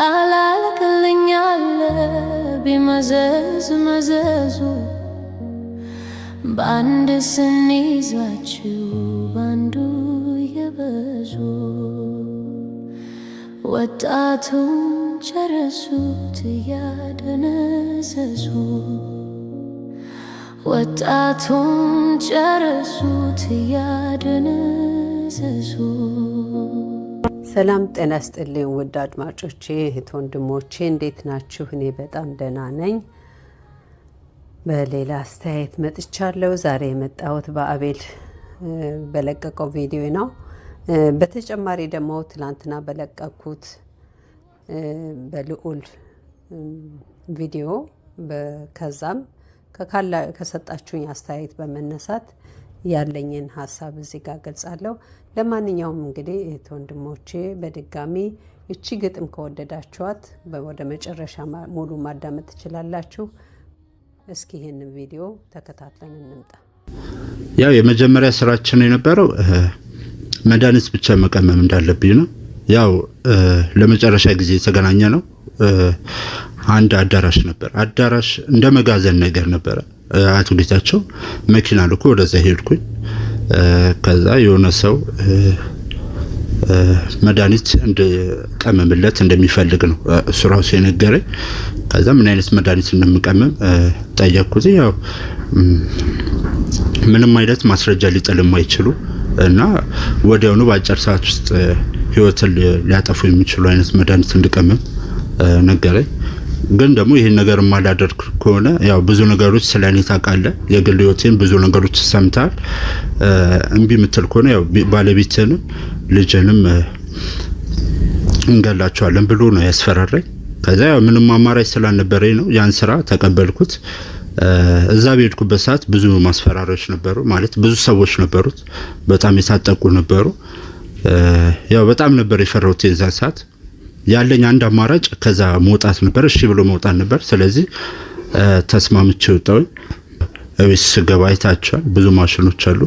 አላልክልኛለ ቢመዘዝ መዘዙ በአንድ ስንይዛችሁ በአንዱ የበዙ ወጣቱን ጨረሱት እያደነዘዙ ወጣቱን ጨረሱት እያደነዘዙ ሰላም ጤና ስጥልኝ ውድ አድማጮቼ እህት ወንድሞቼ እንዴት ናችሁ? እኔ በጣም ደህና ነኝ። በሌላ አስተያየት መጥቻለሁ። ዛሬ የመጣሁት በአቤል በለቀቀው ቪዲዮ ነው። በተጨማሪ ደግሞ ትላንትና በለቀኩት በልዑል ቪዲዮ ከዛም ከሰጣችሁኝ አስተያየት በመነሳት ያለኝን ሀሳብ እዚህ ጋር ገልጻለሁ። ለማንኛውም እንግዲህ እህት ወንድሞቼ በድጋሚ እቺ ግጥም ከወደዳችኋት ወደ መጨረሻ ሙሉ ማዳመጥ ትችላላችሁ። እስኪ ይህንን ቪዲዮ ተከታትለን እንምጣ። ያው የመጀመሪያ ስራችን የነበረው መድኃኒት ብቻ መቀመም እንዳለብኝ ነው። ያው ለመጨረሻ ጊዜ የተገናኘ ነው አንድ አዳራሽ ነበር። አዳራሽ እንደ መጋዘን ነገር ነበረ። አቶ ጌታቸው መኪና ልኩ ወደዛ ሄድኩኝ። ከዛ የሆነ ሰው መድኃኒት እንድቀመምለት እንደሚፈልግ ነው እሱ ራሱ የነገረኝ። ከዛ ምን አይነት መድኃኒት እንደምቀመም ጠየቅኩት። ያው ምንም አይነት ማስረጃ ሊጥል አይችሉ እና ወዲያውኑ በአጭር ሰዓት ውስጥ ህይወትን ሊያጠፉ የሚችሉ አይነት መድኃኒት እንድቀመም ነገረኝ። ግን ደግሞ ይህን ነገር ማላደርግ ከሆነ ያው ብዙ ነገሮች ስለ እኔ ታውቃለህ፣ የግል ህይወቴን ብዙ ነገሮች ሰምታል። እምቢ ምትል ከሆነ ያው ባለቤትንም ልጅንም እንገላቸዋለን ብሎ ነው ያስፈራራኝ። ከዛ ያው ምንም አማራጭ ስላልነበረኝ ነው ያን ስራ ተቀበልኩት። እዛ በሄድኩበት ሰዓት ብዙ ማስፈራሪያዎች ነበሩ። ማለት ብዙ ሰዎች ነበሩት፣ በጣም የታጠቁ ነበሩ። ያው በጣም ነበር የፈራሁት የዛን ሰዓት ያለኝ አንድ አማራጭ ከዛ መውጣት ነበር። እሺ ብሎ መውጣት ነበር። ስለዚህ ተስማምቼ ወጣሁኝ። እቤት ስገባ አይታችኋል። ብዙ ማሽኖች አሉ፣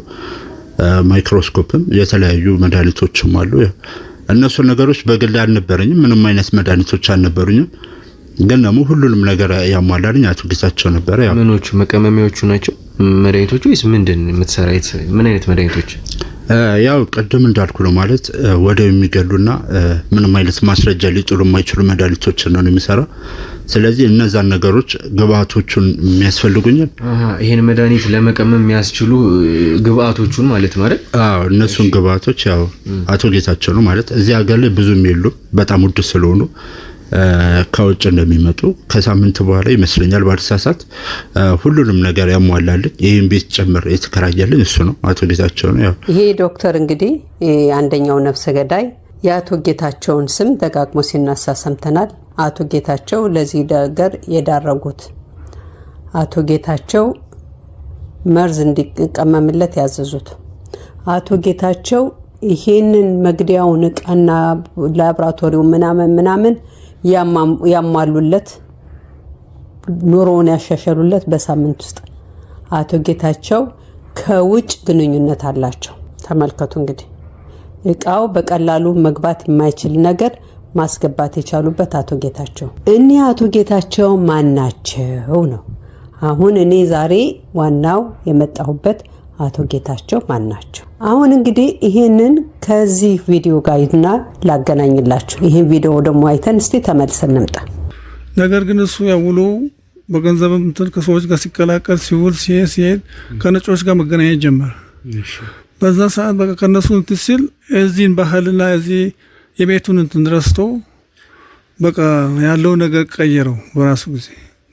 ማይክሮስኮፕም የተለያዩ መድኃኒቶችም አሉ። እነሱ ነገሮች በግል አልነበረኝም፣ ምንም አይነት መድኃኒቶች አልነበሩኝም። ግን ደግሞ ሁሉንም ነገር ያሟላልኝ አቶ ጌታቸው ነበረ። ምኖቹ መቀመሚያዎቹ ናቸው መድኃኒቶቹ ወይስ ምንድን የምትሰራ ምን አይነት መድኃኒቶች ያው ቅድም እንዳልኩ ነው ማለት ወደ የሚገሉና ምንም አይነት ማስረጃ ሊጥሉ የማይችሉ መድኃኒቶችን ነው የሚሰራው። ስለዚህ እነዛን ነገሮች ግብአቶቹን የሚያስፈልጉኝን ይህን መድኃኒት ለመቀመም የሚያስችሉ ግብአቶቹን ማለት ማለት እነሱን ግብአቶች ያው አቶ ጌታቸው ነው ማለት እዚህ ሀገር ላይ ብዙም የሉም በጣም ውድ ስለሆኑ ከውጭ እንደሚመጡ ከሳምንት በኋላ ይመስለኛል ባልሳሳት ሁሉንም ነገር ያሟላልን ይህን ቤት ጭምር የተከራየልን እሱ ነው፣ አቶ ጌታቸው ነው። ያው ይሄ ዶክተር እንግዲህ አንደኛው ነፍሰ ገዳይ የአቶ ጌታቸውን ስም ደጋግሞ ሲነሳ ሰምተናል። አቶ ጌታቸው ለዚህ ነገር የዳረጉት አቶ ጌታቸው መርዝ እንዲቀመምለት ያዘዙት አቶ ጌታቸው ይሄንን መግደያውን እቃና ላብራቶሪው ምናምን ምናምን ያሟሉለት ኑሮውን ያሻሸሉለት በሳምንት ውስጥ አቶ ጌታቸው ከውጭ ግንኙነት አላቸው። ተመልከቱ እንግዲህ እቃው በቀላሉ መግባት የማይችል ነገር ማስገባት የቻሉበት አቶ ጌታቸው። እኒህ አቶ ጌታቸው ማን ናቸው ነው? አሁን እኔ ዛሬ ዋናው የመጣሁበት አቶ ጌታቸው ማን ናቸው? አሁን እንግዲህ ይህንን ከዚህ ቪዲዮ ጋር ይድና ላገናኝላችሁ። ይህን ቪዲዮ ደግሞ አይተን እስቲ ተመልሰን እንምጣ። ነገር ግን እሱ ያውሎ በገንዘብ ምትል ከሰዎች ጋር ሲቀላቀል ሲውል ሲሄድ ሲሄድ ከነጮች ጋር መገናኘት ጀመረ። በዛ ሰዓት በቃ ከነሱ እንትን ሲል እዚህን ባህልና እዚህ የቤቱን እንትን ረስቶ በቃ ያለው ነገር ቀየረው በራሱ ጊዜ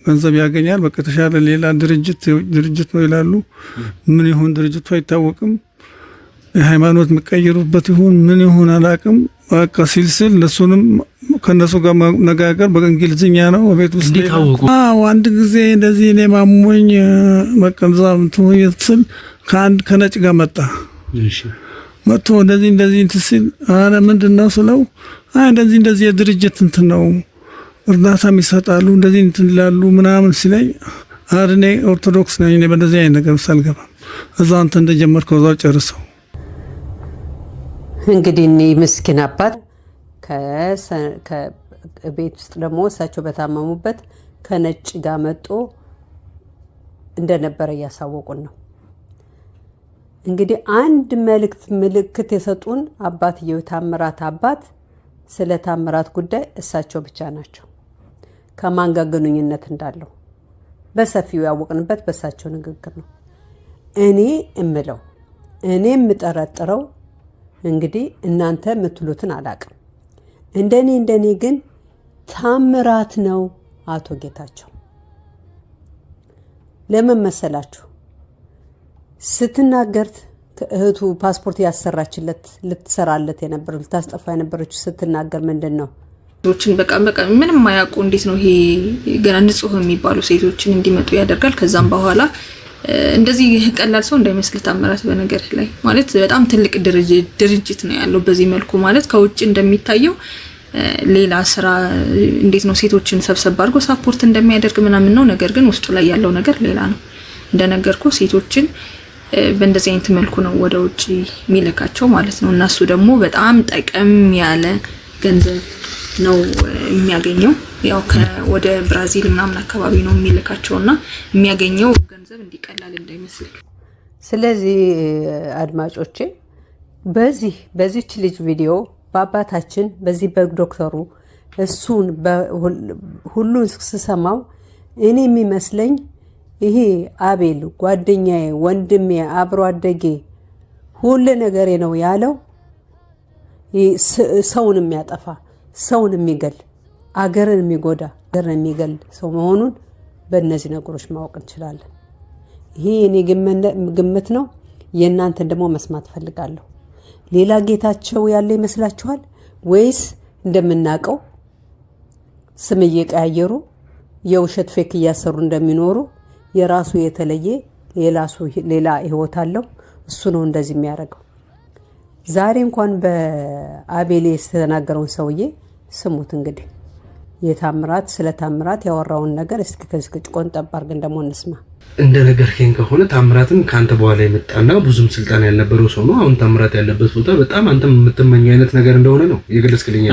ገንዘብ ያገኛል። በቃ ተሻለ ሌላ ድርጅት ድርጅት ነው ይላሉ። ምን ይሁን ድርጅቱ አይታወቅም። የሃይማኖት የሚቀይሩበት ይሁን ምን ይሁን አላቅም። በቃ ሲልስል እነሱንም ከእነሱ ጋር መነጋገር በእንግሊዝኛ ነው። በቤት ውስጥ አዎ፣ አንድ ጊዜ እንደዚህ እኔ ማሞኝ በቃ እዛ እንትን ስል ከአንድ ከነጭ ጋር መጣ መጥቶ እንደዚህ እንደዚህ እንትን ሲል አረ ምንድን ነው ስለው አይ እንደዚህ እንደዚህ የድርጅት እንትን ነው እርዳታም ይሰጣሉ እንደዚህ እንትን ይላሉ ምናምን ሲለኝ እኔ ኦርቶዶክስ ነኝ፣ እኔ በእንደዚህ አይነት ነገር ውስጥ አልገባም። እዛ አንተ እንደጀመርከው እዛው ጨርሰው። እንግዲህ እኒህ ምስኪን አባት ከቤት ውስጥ ደግሞ እሳቸው በታመሙበት ከነጭ ጋር መጦ እንደነበረ እያሳወቁን ነው። እንግዲህ አንድ መልእክት ምልክት የሰጡን አባትየው ታምራት አባት ስለ ታምራት ጉዳይ እሳቸው ብቻ ናቸው። ከማን ጋር ግንኙነት እንዳለው በሰፊው ያወቅንበት በእሳቸው ንግግር ነው። እኔ እምለው እኔ የምጠረጥረው እንግዲህ እናንተ የምትሉትን አላቅም። እንደኔ እንደኔ ግን ታምራት ነው አቶ ጌታቸው። ለምን መሰላችሁ? ስትናገርት እህቱ ፓስፖርት ያሰራችለት ልትሰራለት የነበረው ልታስጠፋ የነበረችው ስትናገር ምንድን ነው ሴቶችን በቃ በቃ ምንም ማያውቁ እንዴት ነው ይሄ ገና ንጹህ የሚባሉ ሴቶችን እንዲመጡ ያደርጋል። ከዛም በኋላ እንደዚህ ቀላል ሰው እንዳይመስል ታምራት በነገር ላይ ማለት በጣም ትልቅ ድርጅት ነው ያለው። በዚህ መልኩ ማለት ከውጭ እንደሚታየው ሌላ ስራ እንዴት ነው ሴቶችን ሰብሰብ አድርጎ ሳፖርት እንደሚያደርግ ምናምን ነው። ነገር ግን ውስጡ ላይ ያለው ነገር ሌላ ነው። እንደነገርኩ ሴቶችን በእንደዚህ አይነት መልኩ ነው ወደ ውጭ የሚልካቸው ማለት ነው። እናሱ እሱ ደግሞ በጣም ጠቀም ያለ ገንዘብ ነው የሚያገኘው። ያው ወደ ብራዚል ምናምን አካባቢ ነው የሚልካቸው እና የሚያገኘው ገንዘብ እንዲቀላል እንዳይመስልክ። ስለዚህ አድማጮቼ በዚህ በዚች ልጅ ቪዲዮ በአባታችን በዚህ በዶክተሩ እሱን ሁሉን ስሰማው እኔ የሚመስለኝ ይሄ አቤል ጓደኛዬ፣ ወንድሜ፣ አብሮ አደጌ ሁሉ ነገሬ ነው ያለው ሰውን የሚያጠፋ ሰውን የሚገል አገርን የሚጎዳ አገርን የሚገል ሰው መሆኑን በእነዚህ ነገሮች ማወቅ እንችላለን። ይሄ የኔ ግምት ነው። የእናንተን ደግሞ መስማት ፈልጋለሁ። ሌላ ጌታቸው ያለ ይመስላችኋል ወይስ እንደምናውቀው ስም እየቀያየሩ የውሸት ፌክ እያሰሩ እንደሚኖሩ የራሱ የተለየ ሌላ ህይወት አለው። እሱ ነው እንደዚህ የሚያደርገው። ዛሬ እንኳን በአቤሌ የተናገረውን ሰውዬ ስሙት እንግዲህ የታምራት ስለ ታምራት ያወራውን ነገር እስኪ ከዝቅጭ ቆንጠብ አድርገን ደግሞ እንስማ። እንደ ነገርከኝ ከሆነ ታምራትም ከአንተ በኋላ የመጣና ብዙም ስልጣን ያልነበረው ሰው ነው። አሁን ታምራት ያለበት ቦታ በጣም አንተም የምትመኝ አይነት ነገር እንደሆነ ነው የገለጽክልኝ።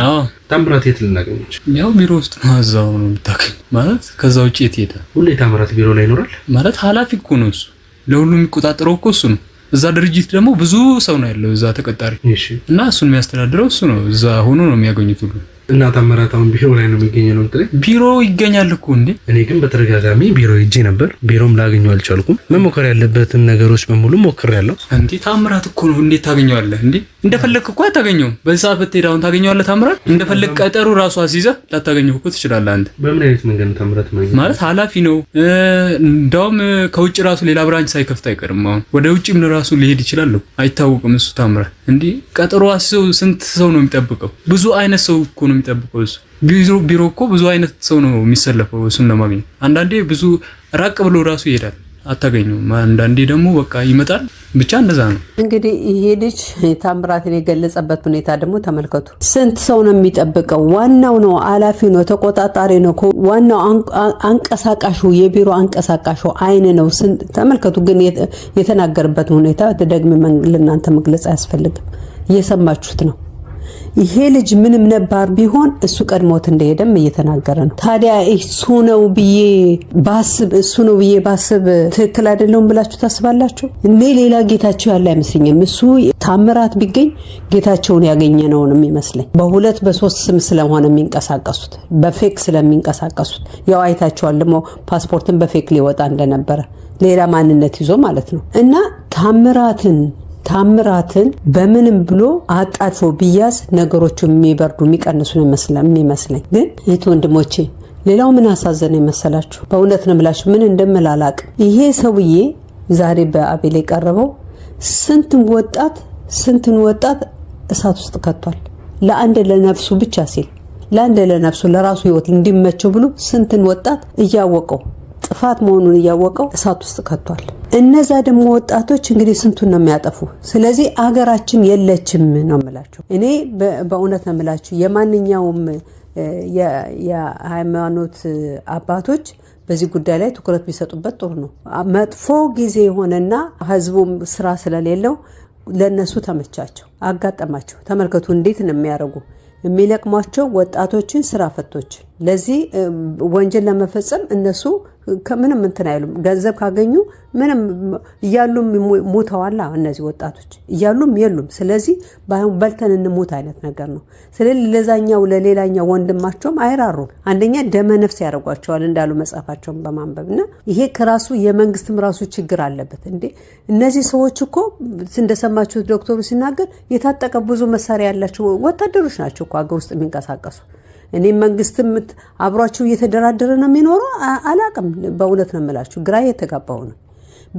ታምራት የት ልናገኘች? ያው ቢሮ ውስጥ ነው። እዛው ነው የምታገኝ ማለት። ከዛ ውጭ የት ሄደ? ሁሌ ታምራት ቢሮ ላይ ይኖራል ማለት። ኃላፊ እኮ ነው እሱ። ለሁሉም የሚቆጣጠረው እኮ እሱ ነው። እዛ ድርጅት ደግሞ ብዙ ሰው ነው ያለው እዛ ተቀጣሪ እና እሱን የሚያስተዳድረው እሱ ነው። እዛ ሆኖ ነው የሚያገኙት ሁሉ እና ታምራት አሁን ቢሮ ላይ ነው የሚገኘው ነው የምትለኝ? ቢሮ ይገኛል እኮ እንዴ። እኔ ግን በተደጋጋሚ ቢሮ ሄጄ ነበር፣ ቢሮም ላገኘው አልቻልኩም። መሞከር ያለበትን ነገሮች በሙሉ ሞክሬያለሁ። እንዴ ታምራት እኮ ነው፣ እንዴት ታገኘዋለህ እንዴ? እንደፈለክ እኮ አታገኘውም። በዚህ ሰዓት ብትሄድ አሁን ታገኘዋለህ ታምራት? እንደፈለክ ቀጠሩ ራሱ አስይዘህ ላታገኘው እኮ ትችላለህ አንተ። በምን አይነት መንገድ ነው ታምራት ማግኘት? ማለት ኃላፊ ነው እንዳውም ከውጭ ራሱ ሌላ ብራንች ሳይከፍት አይቀርም። አሁን ወደ ውጭም ራሱ ሊሄድ ይችላል፣ አይታወቅም። እሱ ታምራት እንዲህ ቀጠሮ አስይዘው ስንት ሰው ነው የሚጠብቀው? ብዙ አይነት ሰው እኮ ነው የሚጠብቀው እሱ ቢሮ እኮ ብዙ አይነት ሰው ነው የሚሰለፈው እሱን ለማግኘት። አንዳንዴ ብዙ ራቅ ብሎ ራሱ ይሄዳል አታገኘውም። አንዳንዴ ደግሞ በቃ ይመጣል። ብቻ እንደዛ ነው እንግዲህ። ይሄ ልጅ ታምራትን የገለጸበት ሁኔታ ደግሞ ተመልከቱ። ስንት ሰው ነው የሚጠብቀው? ዋናው ነው፣ አላፊ ነው፣ ተቆጣጣሪ ነው፣ ዋናው አንቀሳቃሹ፣ የቢሮ አንቀሳቃሹ አይን ነው። ተመልከቱ። ግን የተናገርበትን ሁኔታ ደግሜ ለእናንተ መግለጽ አያስፈልግም። እየሰማችሁት ነው። ይሄ ልጅ ምንም ነባር ቢሆን እሱ ቀድሞት እንደሄደም እየተናገረ ነው። ታዲያ እሱ ነው ብዬ ባስብ እሱ ነው ብዬ ባስብ ትክክል አይደለውም ብላችሁ ታስባላችሁ? እኔ ሌላ ጌታቸው ያለ አይመስለኝም። እሱ ታምራት ቢገኝ ጌታቸውን ያገኘ ነውን የሚመስለኝ በሁለት በሶስት ስም ስለሆነ የሚንቀሳቀሱት በፌክ ስለሚንቀሳቀሱት ያው አይታችኋል። ደግሞ ፓስፖርትን በፌክ ሊወጣ እንደነበረ ሌላ ማንነት ይዞ ማለት ነው እና ታምራትን ታምራትን በምንም ብሎ አጣጥፎ ብያዝ ነገሮቹ የሚበርዱ የሚቀንሱ የሚመስለኝ ግን እህት ወንድሞቼ ሌላው ምን አሳዘነ የመሰላችሁ? በእውነት ነው የምላችሁ፣ ምን እንደምል አላቅም። ይሄ ሰውዬ ዛሬ በአቤል የቀረበው ስንትን ወጣት ስንትን ወጣት እሳት ውስጥ ከቷል። ለአንድ ለነፍሱ ብቻ ሲል ለአንድ ለነፍሱ ለራሱ ህይወት እንዲመቸው ብሎ ስንትን ወጣት እያወቀው ጥፋት መሆኑን እያወቀው እሳት ውስጥ ከቷል። እነዛ ደግሞ ወጣቶች እንግዲህ ስንቱን ነው የሚያጠፉ። ስለዚህ አገራችን የለችም ነው የምላቸው። እኔ በእውነት ነው የምላችሁ የማንኛውም የሃይማኖት አባቶች በዚህ ጉዳይ ላይ ትኩረት ቢሰጡበት ጥሩ ነው። መጥፎ ጊዜ የሆነና ህዝቡም ስራ ስለሌለው ለእነሱ ተመቻቸው፣ አጋጠማቸው። ተመልከቱ እንዴት ነው የሚያደርጉ የሚለቅሟቸው ወጣቶችን ስራ ፈቶችን ለዚህ ወንጀል ለመፈጸም እነሱ ከምንም እንትን አይሉም። ገንዘብ ካገኙ ምንም እያሉም ሙተዋላ እነዚህ ወጣቶች እያሉም የሉም። ስለዚህ በልተን እንሙት አይነት ነገር ነው። ስለዚህ ለዛኛው ለሌላኛው ወንድማቸውም አይራሩም። አንደኛ ደመ ነፍስ ያደርጓቸዋል እንዳሉ መጽሐፋቸውን በማንበብ እና ይሄ ከራሱ የመንግስትም ራሱ ችግር አለበት እንዴ። እነዚህ ሰዎች እኮ እንደሰማችሁት ዶክተሩ ሲናገር የታጠቀ ብዙ መሳሪያ ያላቸው ወታደሮች ናቸው እኮ ሀገር ውስጥ የሚንቀሳቀሱ እኔም መንግስትም አብሯቸው እየተደራደረ ነው የሚኖረው። አላቅም። በእውነት ነው የምላችሁ፣ ግራ የተጋባው ነው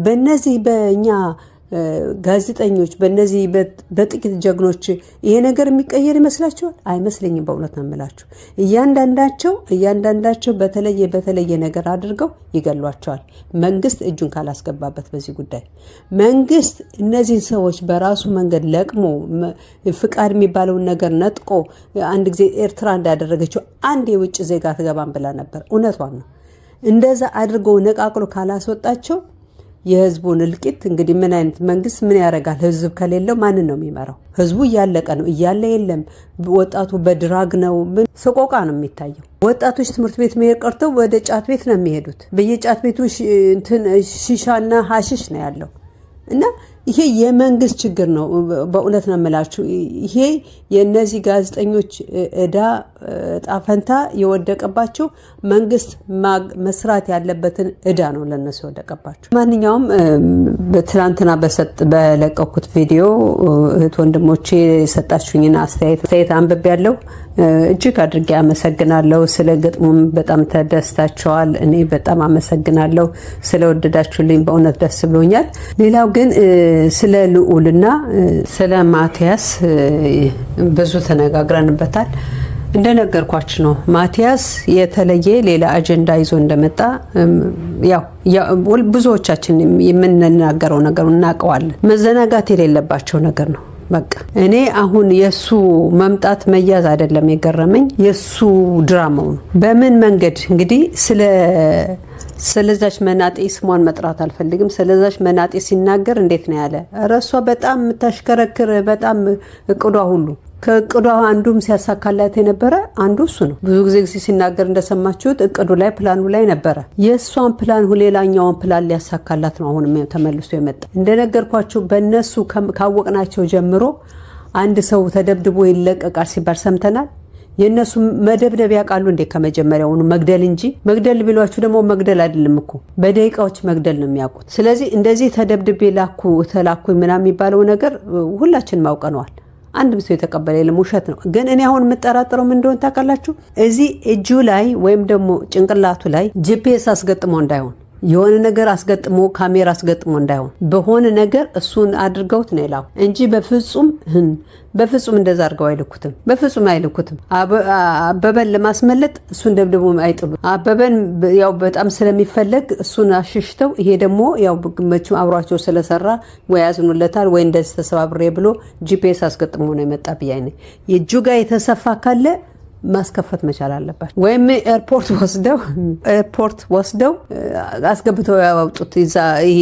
በእነዚህ በእኛ ጋዜጠኞች በእነዚህ በጥቂት ጀግኖች ይሄ ነገር የሚቀየር ይመስላችኋል? አይመስለኝም። በእውነት ነው የምላችሁ። እያንዳንዳቸው እያንዳንዳቸው በተለየ በተለየ ነገር አድርገው ይገሏቸዋል፣ መንግስት እጁን ካላስገባበት። በዚህ ጉዳይ መንግስት እነዚህን ሰዎች በራሱ መንገድ ለቅሞ ፍቃድ የሚባለውን ነገር ነጥቆ፣ አንድ ጊዜ ኤርትራ እንዳደረገችው አንድ የውጭ ዜጋ ትገባን ብላ ነበር። እውነቷን ነው። እንደዛ አድርገው ነቃቅሎ ካላስወጣቸው የህዝቡን እልቂት እንግዲህ ምን አይነት መንግስት ምን ያደርጋል? ህዝብ ከሌለው ማንን ነው የሚመራው? ህዝቡ እያለቀ ነው እያለ የለም። ወጣቱ በድራግ ነው ምን ሰቆቃ ነው የሚታየው። ወጣቶች ትምህርት ቤት መሄድ ቀርተው ወደ ጫት ቤት ነው የሚሄዱት። በየጫት ቤቱ ሽሻና ሀሽሽ ነው ያለው እና ይሄ የመንግስት ችግር ነው። በእውነት ነው የምላችሁ። ይሄ የእነዚህ ጋዜጠኞች እዳ ጣፈንታ የወደቀባቸው መንግስት መስራት ያለበትን እዳ ነው ለነሱ የወደቀባቸው። ማንኛውም በትናንትና በለቀኩት ቪዲዮ እህት ወንድሞቼ የሰጣችሁኝን አስተያየት አንብቤ ያለው እጅግ አድርጌ አመሰግናለሁ። ስለ ግጥሙም በጣም ተደስታቸዋል። እኔ በጣም አመሰግናለሁ ስለወደዳችሁልኝ፣ በእውነት ደስ ብሎኛል። ሌላው ግን ስለ ልዑልና ስለ ማቲያስ ብዙ ተነጋግረንበታል። እንደነገርኳችሁ ነው። ማቲያስ የተለየ ሌላ አጀንዳ ይዞ እንደመጣ ያው ብዙዎቻችን የምንናገረው ነገር እናውቀዋለን። መዘናጋት የሌለባቸው ነገር ነው። በቃ እኔ አሁን የእሱ መምጣት መያዝ አይደለም የገረመኝ፣ የእሱ ድራማው ነው። በምን መንገድ እንግዲህ ስለ ስለዛች መናጤ ስሟን መጥራት አልፈልግም። ስለዛች መናጤ ሲናገር እንዴት ነው ያለ? ኧረ እሷ በጣም የምታሽከረክር በጣም እቅዷ ሁሉ ከእቅዷ አንዱም ሲያሳካላት የነበረ አንዱ እሱ ነው። ብዙ ጊዜ ሲናገር እንደሰማችሁት እቅዱ ላይ ፕላኑ ላይ ነበረ። የእሷን ፕላን ሌላኛውን ፕላን ሊያሳካላት ነው አሁንም ተመልሶ የመጣ እንደነገርኳቸው በእነሱ ካወቅናቸው ጀምሮ አንድ ሰው ተደብድቦ ይለቀቃል ሲባል ሰምተናል። የእነሱ መደብደብ ያውቃሉ እንዴ? ከመጀመሪያውኑ መግደል እንጂ መግደል ቢሏችሁ ደግሞ መግደል አይደለም እኮ በደቂቃዎች መግደል ነው የሚያውቁት። ስለዚህ እንደዚህ ተደብድቤ ላኩ ተላኩ ምናምን የሚባለው ነገር ሁላችንም አውቀነዋል። አንድም ሰው የተቀበለ የለም። ውሸት ነው። ግን እኔ አሁን የምጠራጠረው ምን እንደሆነ ታውቃላችሁ? እዚህ እጁ ላይ ወይም ደግሞ ጭንቅላቱ ላይ ጂፒኤስ አስገጥሞ እንዳይሆን የሆነ ነገር አስገጥሞ ካሜራ አስገጥሞ እንዳይሆን በሆነ ነገር እሱን አድርገውት ነው የላኩ እንጂ በፍጹም በፍጹም እንደዛ አድርገው አይልኩትም። በፍጹም አይልኩትም። አበበን ለማስመለጥ እሱን ደብድቦ አይጥሉ። አበበን ያው በጣም ስለሚፈለግ እሱን አሽሽተው፣ ይሄ ደግሞ ያው መቼም አብሯቸው ስለሰራ ወይ ያዝኑለታል ወይ እንደዚህ ተሰባብሬ ብሎ ጂፒኤስ አስገጥሞ ነው የመጣ ብያይነ የእጁ ጋር የተሰፋ ካለ ማስከፈት መቻል አለባቸው። ወይም ኤርፖርት ወስደው ኤርፖርት ወስደው አስገብተው ያወጡት ይሄ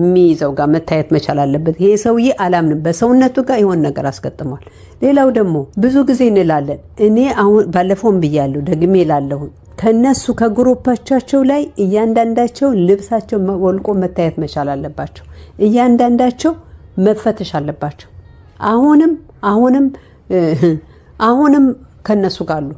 የሚይዘው ጋር መታየት መቻል አለበት። ይሄ ሰውዬ አላምንም በሰውነቱ ጋር የሆነ ነገር አስገጥሟል። ሌላው ደግሞ ብዙ ጊዜ እንላለን። እኔ አሁን ባለፈውን ብያለሁ፣ ደግሜ ላለሁ ከነሱ ከግሩፓቻቸው ላይ እያንዳንዳቸው ልብሳቸው ወልቆ መታየት መቻል አለባቸው። እያንዳንዳቸው መፈተሽ አለባቸው። አሁንም አሁንም አሁንም ከእነሱ ጋር አሉ።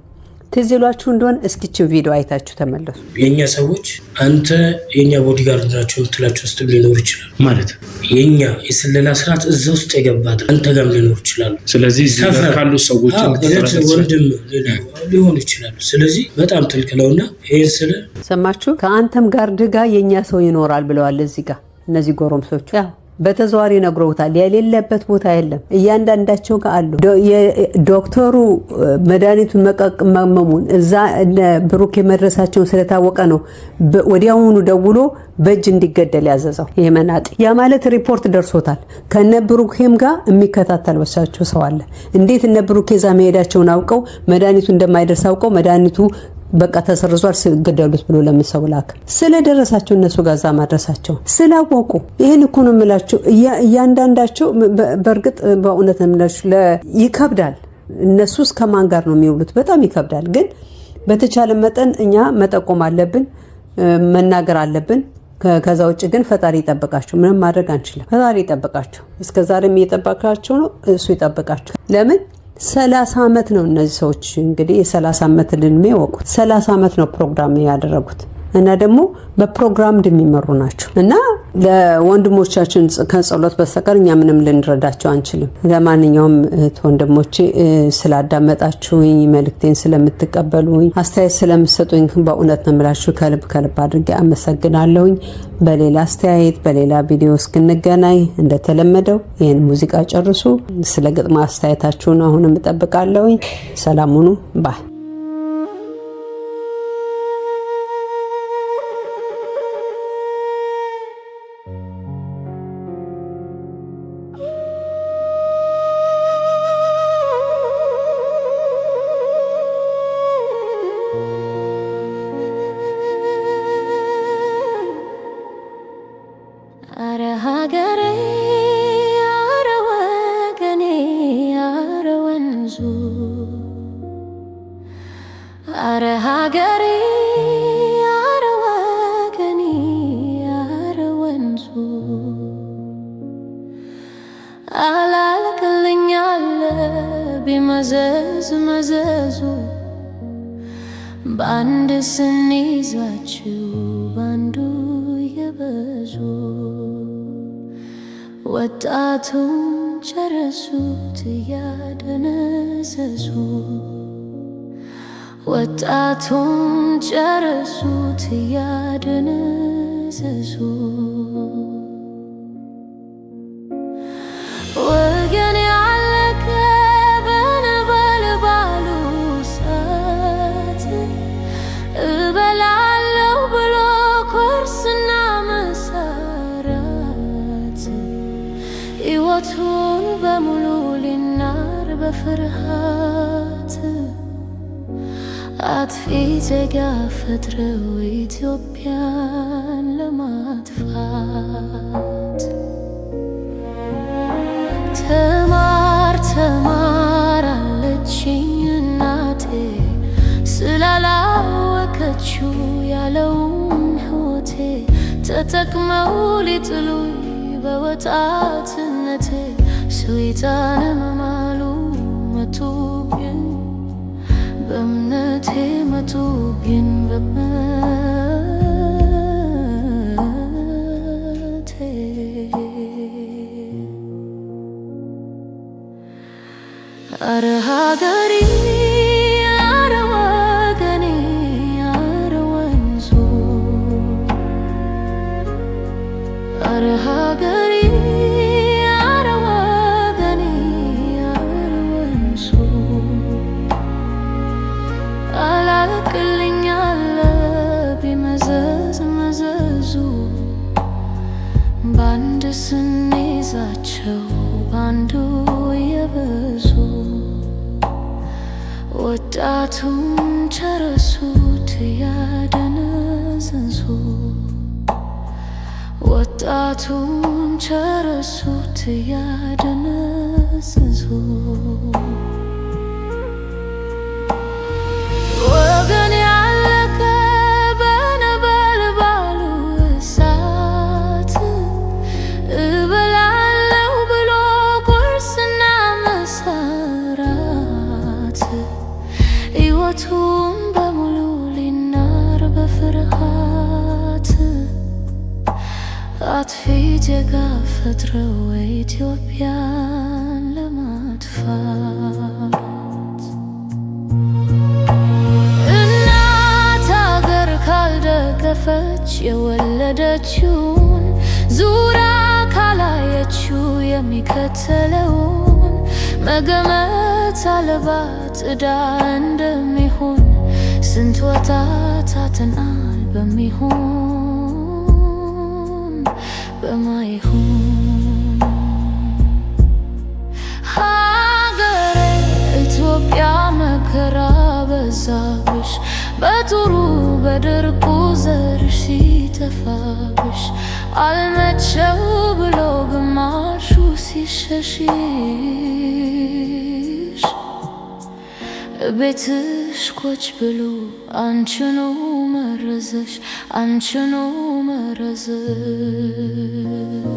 ትዝ ይሏችሁ እንደሆነ እስኪችን ቪዲዮ አይታችሁ ተመለሱ። የእኛ ሰዎች አንተ የእኛ ቦዲጋርድ ናቸው የምትላቸው ውስጥ ሊኖር ይችላል ማለት የእኛ የስለላ ስርዓት እዛ ውስጥ የገባት አንተ ጋርም ሊኖር ይችላሉ። ስለዚህ ካሉ ሰዎች ወንድም ሊሆኑ ይችላሉ። ስለዚህ በጣም ትልቅ ነውና ይህን ስለ ሰማችሁ ከአንተም ጋር ድጋ የእኛ ሰው ይኖራል ብለዋል። እዚህ ጋር እነዚህ ጎረምሶቹ በተዘዋሪ ነግረውታል። የሌለበት ቦታ የለም፣ እያንዳንዳቸው ጋር አሉ። ዶክተሩ መድኃኒቱን መመሙን እዛ ብሩክ መድረሳቸውን ስለታወቀ ነው ወዲያውኑ ደውሎ በእጅ እንዲገደል ያዘዘው ይሄ መናጤ። ያ ማለት ሪፖርት ደርሶታል። ከነ ብሩኬም ጋር የሚከታተል በሳቸው ሰው አለ። እንዴት እነ ብሩኬ እዛ መሄዳቸውን አውቀው መድኃኒቱ እንደማይደርስ አውቀው መድኃኒቱ በቃ ተሰርዟል ገደሉት ብሎ ለምን ሰው ላክ? ስለደረሳቸው እነሱ ጋዛ ማድረሳቸው ስላወቁ ይህን እኮ ነው የምላቸው። እያንዳንዳቸው በእርግጥ በእውነት ነው የምላቸው ይከብዳል። እነሱ እስከ ማን ጋር ነው የሚውሉት? በጣም ይከብዳል። ግን በተቻለ መጠን እኛ መጠቆም አለብን፣ መናገር አለብን። ከዛ ውጭ ግን ፈጣሪ ይጠብቃቸው። ምንም ማድረግ አንችልም። ፈጣሪ ይጠብቃቸው። እስከ ዛሬም እየጠበቃቸው ነው። እሱ ይጠብቃቸው። ለምን ሰላሳ ዓመት ነው እነዚህ ሰዎች እንግዲህ የሰላሳ ዓመት ልንሜ ወቁት ሰላሳ ዓመት ነው ፕሮግራም ያደረጉት እና ደግሞ በፕሮግራም እንደሚመሩ ናቸው እና ለወንድሞቻችን ከጸሎት በስተቀር እኛ ምንም ልንረዳቸው አንችልም። ለማንኛውም እህት ወንድሞቼ ስላዳመጣችሁኝ፣ መልክቴን ስለምትቀበሉኝ፣ አስተያየት ስለምሰጡኝ በእውነት ነው የምላችሁ ከልብ ከልብ አድርጌ አመሰግናለሁኝ። በሌላ አስተያየት በሌላ ቪዲዮ እስክንገናኝ እንደተለመደው ይህን ሙዚቃ ጨርሱ። ስለ ግጥማ አስተያየታችሁን አሁንም እጠብቃለሁኝ። ሰላሙኑ ባይ ሰዓቱን ጨረሱት እያደነዘዙ ወጣቱን ጨረሱት እያደነዘዙ ፍርሃት አጥፊ ዜጋ ፈጥረው ኢትዮጵያን ለማጥፋት ተማር ተማር አለችኝ እናቴ ስላላወቀችው ያለውን ሕይወቴ ተጠቅመው ሊጥሉኝ በወጣትነቴ ስዊጣን መማ te matugin thế Arhaga ወገን ያለቀ በነበልባሉ እሳት እበላለሁ ብሎ በሙሉ ሊናር በፍርሃት አጥፊ ጀጋ ፈጥረው ኢትዮጵያ የወለደችውን ዙራ ካላየችው የሚከተለውን መገመት አልባ ጥዳ እንደሚሆን ስንት ወጣት አተናል በሚሆን በማይሆን ሀገሬ ኢትዮጵያ መከራ በዛብሽ በጥሩ በደርቁ ዘር ሲተፋብሽ አልመቸው ብሎ ግማሹ ሲሸሽሽ ቤትሽ ኮች ብሎ አንችኑ መረዘሽ አንችኑ መረዘሽ